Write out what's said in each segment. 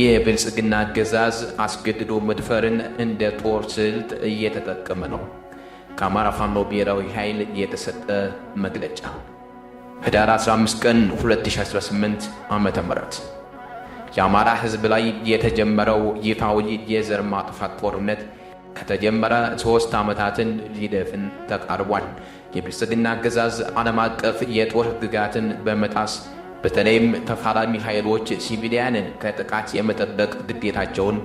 የብልጽግና አገዛዝ አስገድዶ መድፈርን እንደ ጦር ስልት እየተጠቀመ ነው። ከአማራ ፋኖ ብሔራዊ ኃይል የተሰጠ መግለጫ ህዳር 15 ቀን 2018 ዓ ም የአማራ ህዝብ ላይ የተጀመረው ይፋዊ የዘር ማጥፋት ጦርነት ከተጀመረ ሦስት ዓመታትን ሊደፍን ተቃርቧል። የብልጽግና አገዛዝ ዓለም አቀፍ የጦር ሕግጋትን በመጣስ በተለይም ተፋላሚ ኃይሎች ሲቪሊያንን ከጥቃት የመጠበቅ ግዴታቸውን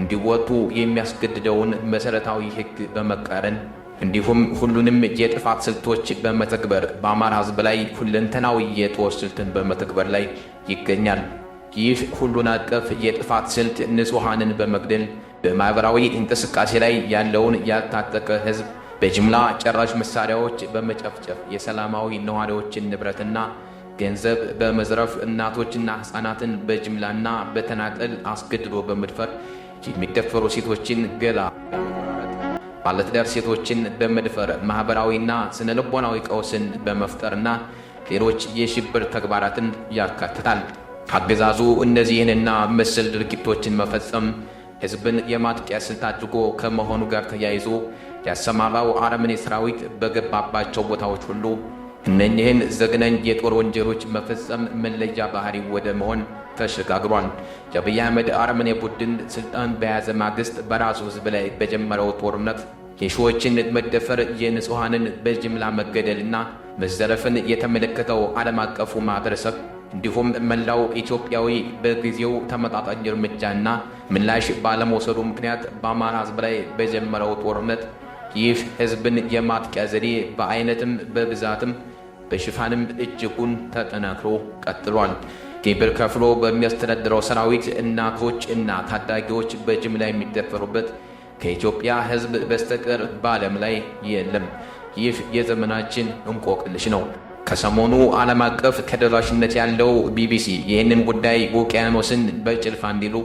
እንዲወጡ የሚያስገድደውን መሠረታዊ ሕግ በመቃረን እንዲሁም ሁሉንም የጥፋት ስልቶች በመተግበር በአማራ ሕዝብ ላይ ሁለንተናዊ የጦር ስልትን በመተግበር ላይ ይገኛል። ይህ ሁሉን አቀፍ የጥፋት ስልት ንጹሐንን በመግደል በማኅበራዊ እንቅስቃሴ ላይ ያለውን ያልታጠቀ ሕዝብ በጅምላ ጨራሽ መሳሪያዎች በመጨፍጨፍ የሰላማዊ ነዋሪዎችን ንብረትና ገንዘብ በመዝረፍ እናቶችና ሕፃናትን በጅምላና በተናጠል አስገድዶ በመድፈር የሚደፈሩ ሴቶችን ገላ ባለትዳር ሴቶችን በመድፈር ማኅበራዊና ስነ ልቦናዊ ቀውስን በመፍጠርና ሌሎች የሽብር ተግባራትን ያካትታል። አገዛዙ እነዚህንና መሰል ድርጊቶችን መፈጸም ሕዝብን የማጥቂያ ስልት አድርጎ ከመሆኑ ጋር ተያይዞ ያሰማራው አረመኔ ሰራዊት በገባባቸው ቦታዎች ሁሉ እነኚህን ዘግናኝ የጦር ወንጀሎች መፈጸም መለያ ባህሪ ወደ መሆን ተሸጋግሯል። የአብይ አህመድ አረመኔ ቡድን ስልጣን በያዘ ማግስት በራሱ ህዝብ ላይ በጀመረው ጦርነት የሺዎችን መደፈር፣ የንጹሐንን በጅምላ መገደልና መዘረፍን የተመለከተው ዓለም አቀፉ ማህበረሰብ እንዲሁም መላው ኢትዮጵያዊ በጊዜው ተመጣጣኝ እርምጃና ምላሽ ባለመውሰዱ ምክንያት በአማራ ህዝብ ላይ በጀመረው ጦርነት ይህ ህዝብን የማጥቂያ ዘዴ በአይነትም በብዛትም በሽፋንም እጅጉን ተጠናክሮ ቀጥሏል። ግብር ከፍሎ በሚያስተዳድረው ሰራዊት እናቶች እና ታዳጊዎች በጅምላ የሚደፈሩበት ከኢትዮጵያ ሕዝብ በስተቀር በዓለም ላይ የለም። ይህ የዘመናችን እንቆቅልሽ ነው። ከሰሞኑ ዓለም አቀፍ ተደራሽነት ያለው ቢቢሲ ይህንን ጉዳይ ውቅያኖስን በጭልፋ እንዲሉ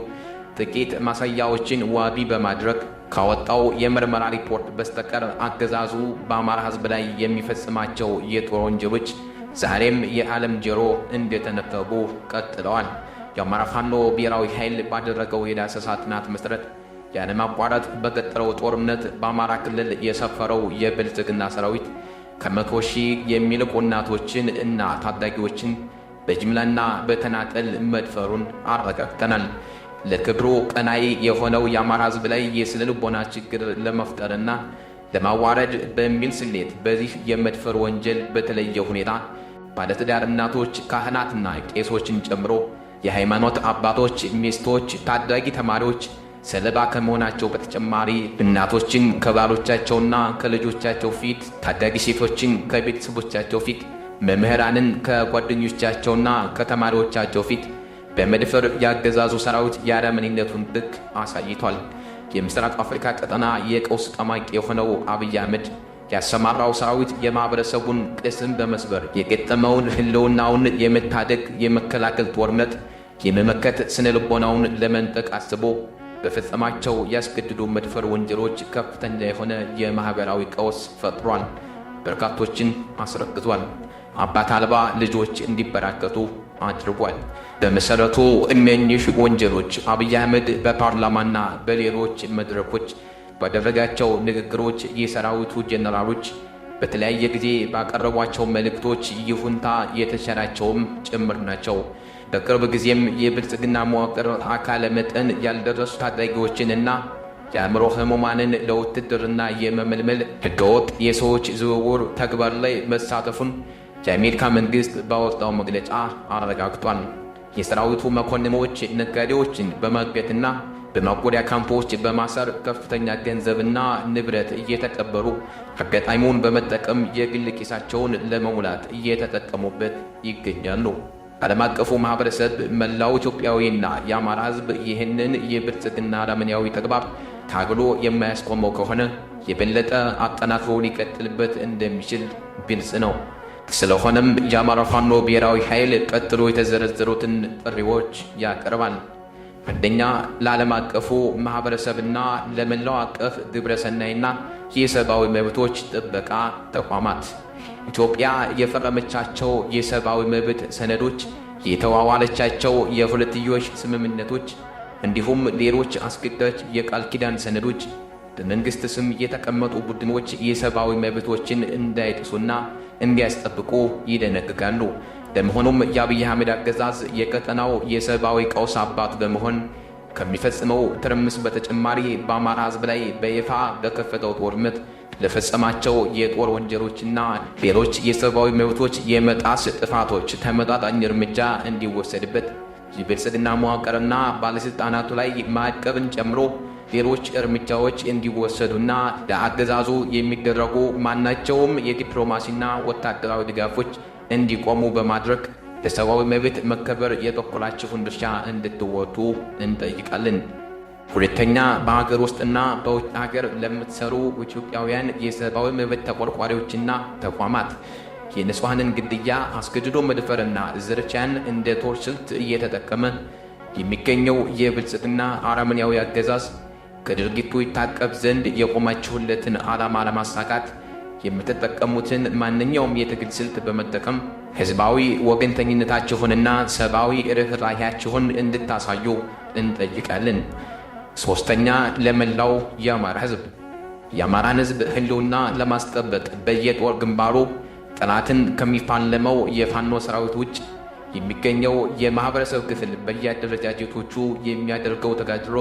ጥቂት ማሳያዎችን ዋቢ በማድረግ ካወጣው የምርመራ ሪፖርት በስተቀር አገዛዙ በአማራ ሕዝብ ላይ የሚፈጽማቸው የጦር ወንጀሎች ዛሬም የዓለም ጆሮ እንደተነፈጉ ቀጥለዋል። የአማራ ፋኖ ብሔራዊ ኃይል ባደረገው የዳሰሳ ጥናት መሠረት ያለማቋረጥ በቀጠለው ጦርነት በአማራ ክልል የሰፈረው የብልጽግና ሰራዊት ከመቶ ሺህ የሚልቁ እናቶችን እና ታዳጊዎችን በጅምላና በተናጠል መድፈሩን አረጋግጠናል። ለክብሩ ቀናይ የሆነው የአማራ ህዝብ ላይ የስነ ልቦና ችግር ለመፍጠርና ለማዋረድ በሚል ስሌት በዚህ የመድፈር ወንጀል በተለየ ሁኔታ ባለትዳር እናቶች፣ ካህናትና ቄሶችን ጨምሮ የሃይማኖት አባቶች ሚስቶች፣ ታዳጊ ተማሪዎች ሰለባ ከመሆናቸው በተጨማሪ እናቶችን ከባሎቻቸውና ከልጆቻቸው ፊት፣ ታዳጊ ሴቶችን ከቤተሰቦቻቸው ፊት፣ መምህራንን ከጓደኞቻቸውና ከተማሪዎቻቸው ፊት በመድፈር ያገዛዙ ሰራዊት የአረመኔነቱን ጥግ አሳይቷል። የምስራቅ አፍሪካ ቀጠና የቀውስ ጠማቂ የሆነው አብይ አህመድ ያሰማራው ሰራዊት የማህበረሰቡን ቅስም በመስበር የገጠመውን ህልውናውን የመታደግ የመከላከል ጦርነት የመመከት ስነ ልቦናውን ለመንጠቅ አስቦ በፈጸማቸው ያስገድዱ መድፈር ወንጀሎች ከፍተኛ የሆነ የማህበራዊ ቀውስ ፈጥሯል። በርካቶችን አስረግቷል። አባት አልባ ልጆች እንዲበራከቱ አድርጓል። በመሰረቱ እነኚህ ወንጀሎች አብይ አህመድ በፓርላማና በሌሎች መድረኮች ባደረጋቸው ንግግሮች የሰራዊቱ ጀነራሎች በተለያየ ጊዜ ባቀረቧቸው መልእክቶች ይሁንታ የተቸራቸውም ጭምር ናቸው። በቅርብ ጊዜም የብልጽግና መዋቅር አካለ መጠን ያልደረሱ ታዳጊዎችንና የአእምሮ ህሙማንን ለውትድርና የመመልመል ህገወጥ የሰዎች ዝውውር ተግባር ላይ መሳተፉን የአሜሪካ መንግስት ባወጣው መግለጫ አረጋግጧል። የሰራዊቱ መኮንኖች ነጋዴዎችን በማገትና በማጎሪያ ካምፖች በማሰር ከፍተኛ ገንዘብና ንብረት እየተቀበሉ አጋጣሚውን በመጠቀም የግል ኪሳቸውን ለመሙላት እየተጠቀሙበት ይገኛሉ። ዓለም አቀፉ ማኅበረሰብ መላው ኢትዮጵያዊና የአማራ ሕዝብ ይህንን የብልጽግና አረመኔያዊ ተግባር ታግሎ የማያስቆመው ከሆነ የበለጠ አጠናክሮ ሊቀጥልበት እንደሚችል ግልጽ ነው። ስለሆነም የአማራ ፋኖ ብሔራዊ ኃይል ቀጥሎ የተዘረዘሩትን ጥሪዎች ያቀርባል። አንደኛ፣ ለዓለም አቀፉ ማኅበረሰብና ለመላው አቀፍ ግብረሰናይና የሰብአዊ መብቶች ጥበቃ ተቋማት ኢትዮጵያ የፈረመቻቸው የሰብአዊ መብት ሰነዶች፣ የተዋዋለቻቸው የሁለትዮሽ ስምምነቶች እንዲሁም ሌሎች አስገዳጅ የቃል ኪዳን ሰነዶች በመንግሥት ስም የተቀመጡ ቡድኖች የሰብአዊ መብቶችን እንዳይጥሱና እንዲያስጠብቁ ይደነግጋሉ። በመሆኑም የአብይ አህመድ አገዛዝ የቀጠናው የሰብአዊ ቀውስ አባት በመሆን ከሚፈጽመው ትርምስ በተጨማሪ በአማራ ሕዝብ ላይ በይፋ በከፈተው ጦርነት ለፈጸማቸው የጦር ወንጀሎችና ሌሎች የሰብአዊ መብቶች የመጣስ ጥፋቶች ተመጣጣኝ እርምጃ እንዲወሰድበት የብልጽግና መዋቅርና ባለሥልጣናቱ ላይ ማዕቀብን ጨምሮ ሌሎች እርምጃዎች እንዲወሰዱና ለአገዛዙ የሚደረጉ ማናቸውም የዲፕሎማሲና ወታደራዊ ድጋፎች እንዲቆሙ በማድረግ ለሰብአዊ መብት መከበር የበኩላችሁን ድርሻ እንድትወጡ እንጠይቃለን። ሁለተኛ፣ በሀገር ውስጥና በውጭ ሀገር ለምትሰሩ ኢትዮጵያውያን የሰብአዊ መብት ተቆርቋሪዎችና ተቋማት የንጹሐንን ግድያ፣ አስገድዶ መድፈርና ዝርቻን እንደ ጦር ስልት እየተጠቀመ የሚገኘው የብልጽግና አረመኔያዊ አገዛዝ ከድርጊቱ ይታቀብ ዘንድ የቆማችሁለትን ዓላማ ለማሳካት የምትጠቀሙትን ማንኛውም የትግል ስልት በመጠቀም ሕዝባዊ ወገንተኝነታችሁንና ሰብአዊ ርኅራኄያችሁን እንድታሳዩ እንጠይቃለን። ሦስተኛ፣ ለመላው የአማራ ሕዝብ የአማራን ሕዝብ ሕልውና ለማስጠበቅ በየጦር ግንባሩ ጠላትን ከሚፋለመው የፋኖ ሰራዊት ውጭ የሚገኘው የማኅበረሰብ ክፍል በየአደረጃጀቶቹ የሚያደርገው ተጋድሎ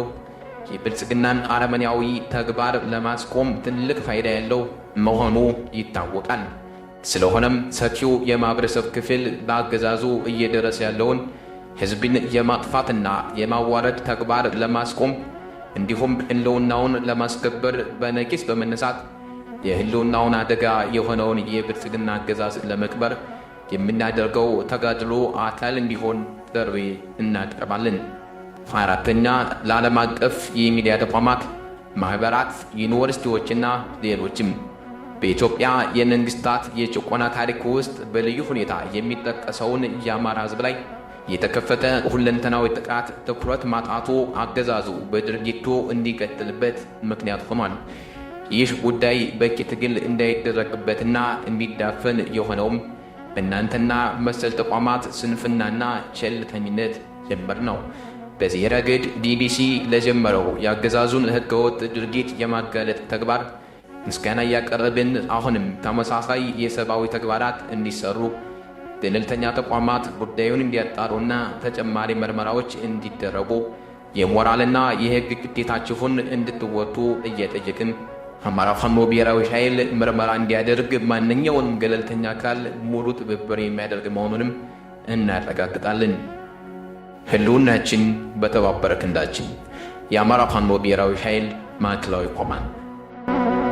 የብልጽግናን አረመኔያዊ ተግባር ለማስቆም ትልቅ ፋይዳ ያለው መሆኑ ይታወቃል። ስለሆነም ሰፊው የማህበረሰብ ክፍል በአገዛዙ እየደረሰ ያለውን ህዝብን የማጥፋትና የማዋረድ ተግባር ለማስቆም እንዲሁም ህልውናውን ለማስከበር በነቂስ በመነሳት የህልውናውን አደጋ የሆነውን የብልጽግና አገዛዝ ለመቅበር የምናደርገው ተጋድሎ አካል እንዲሆን ጥሪ እናቀርባለን። አራተኛ ለዓለም አቀፍ የሚዲያ ተቋማት፣ ማኅበራት፣ ዩኒቨርሲቲዎችና ሌሎችም በኢትዮጵያ የመንግስታት የጭቆና ታሪክ ውስጥ በልዩ ሁኔታ የሚጠቀሰውን የአማራ ህዝብ ላይ የተከፈተ ሁለንተናዊ ጥቃት ትኩረት ማጣቱ አገዛዙ በድርጊቱ እንዲቀጥልበት ምክንያት ሆኗል። ይህ ጉዳይ በቂ ትግል እንዳይደረግበትና እንዲዳፈን የሆነውም በእናንተና መሰል ተቋማት ስንፍናና ቸልተኝነት ጭምር ነው። በዚህ ረገድ ቢቢሲ ለጀመረው የአገዛዙን ህገወጥ ድርጊት የማጋለጥ ተግባር ምስጋና እያቀረብን አሁንም ተመሳሳይ የሰብአዊ ተግባራት እንዲሰሩ ገለልተኛ ተቋማት ጉዳዩን እንዲያጣሩና ተጨማሪ ምርመራዎች እንዲደረጉ የሞራልና የህግ ግዴታችሁን እንድትወጡ እየጠየቅን አማራ ፋኖ ብሔራዊ ኃይል ምርመራ እንዲያደርግ ማንኛውንም ገለልተኛ አካል ሙሉ ትብብር የሚያደርግ መሆኑንም እናረጋግጣለን። ህልውናችን በተባበረ ክንዳችን። የአማራ ፋኖ ብሔራዊ ኃይል ማዕከላዊ ኮማንድ